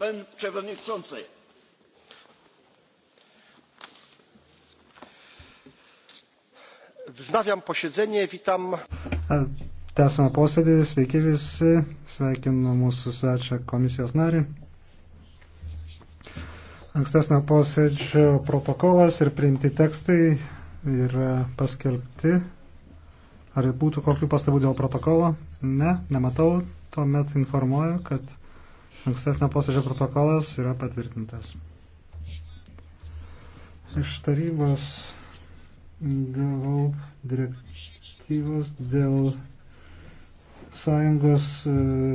Pan Przewodniczący. Wznawiam posiedzenie, witam. Tęsame posėdį, sveiki visi, sveikinu mūsų svečią komisijos narį. Ankstesnio posėdžio protokolas ir priimti tekstai yra paskelbti. Ar būtų kokių pastabų dėl protokolo? Ne, nematau. Tuomet informuoju, kad Ankstesnio posėdžio protokolas yra patvirtintas. Iš tarybos gavau direktyvos dėl sąjungos e,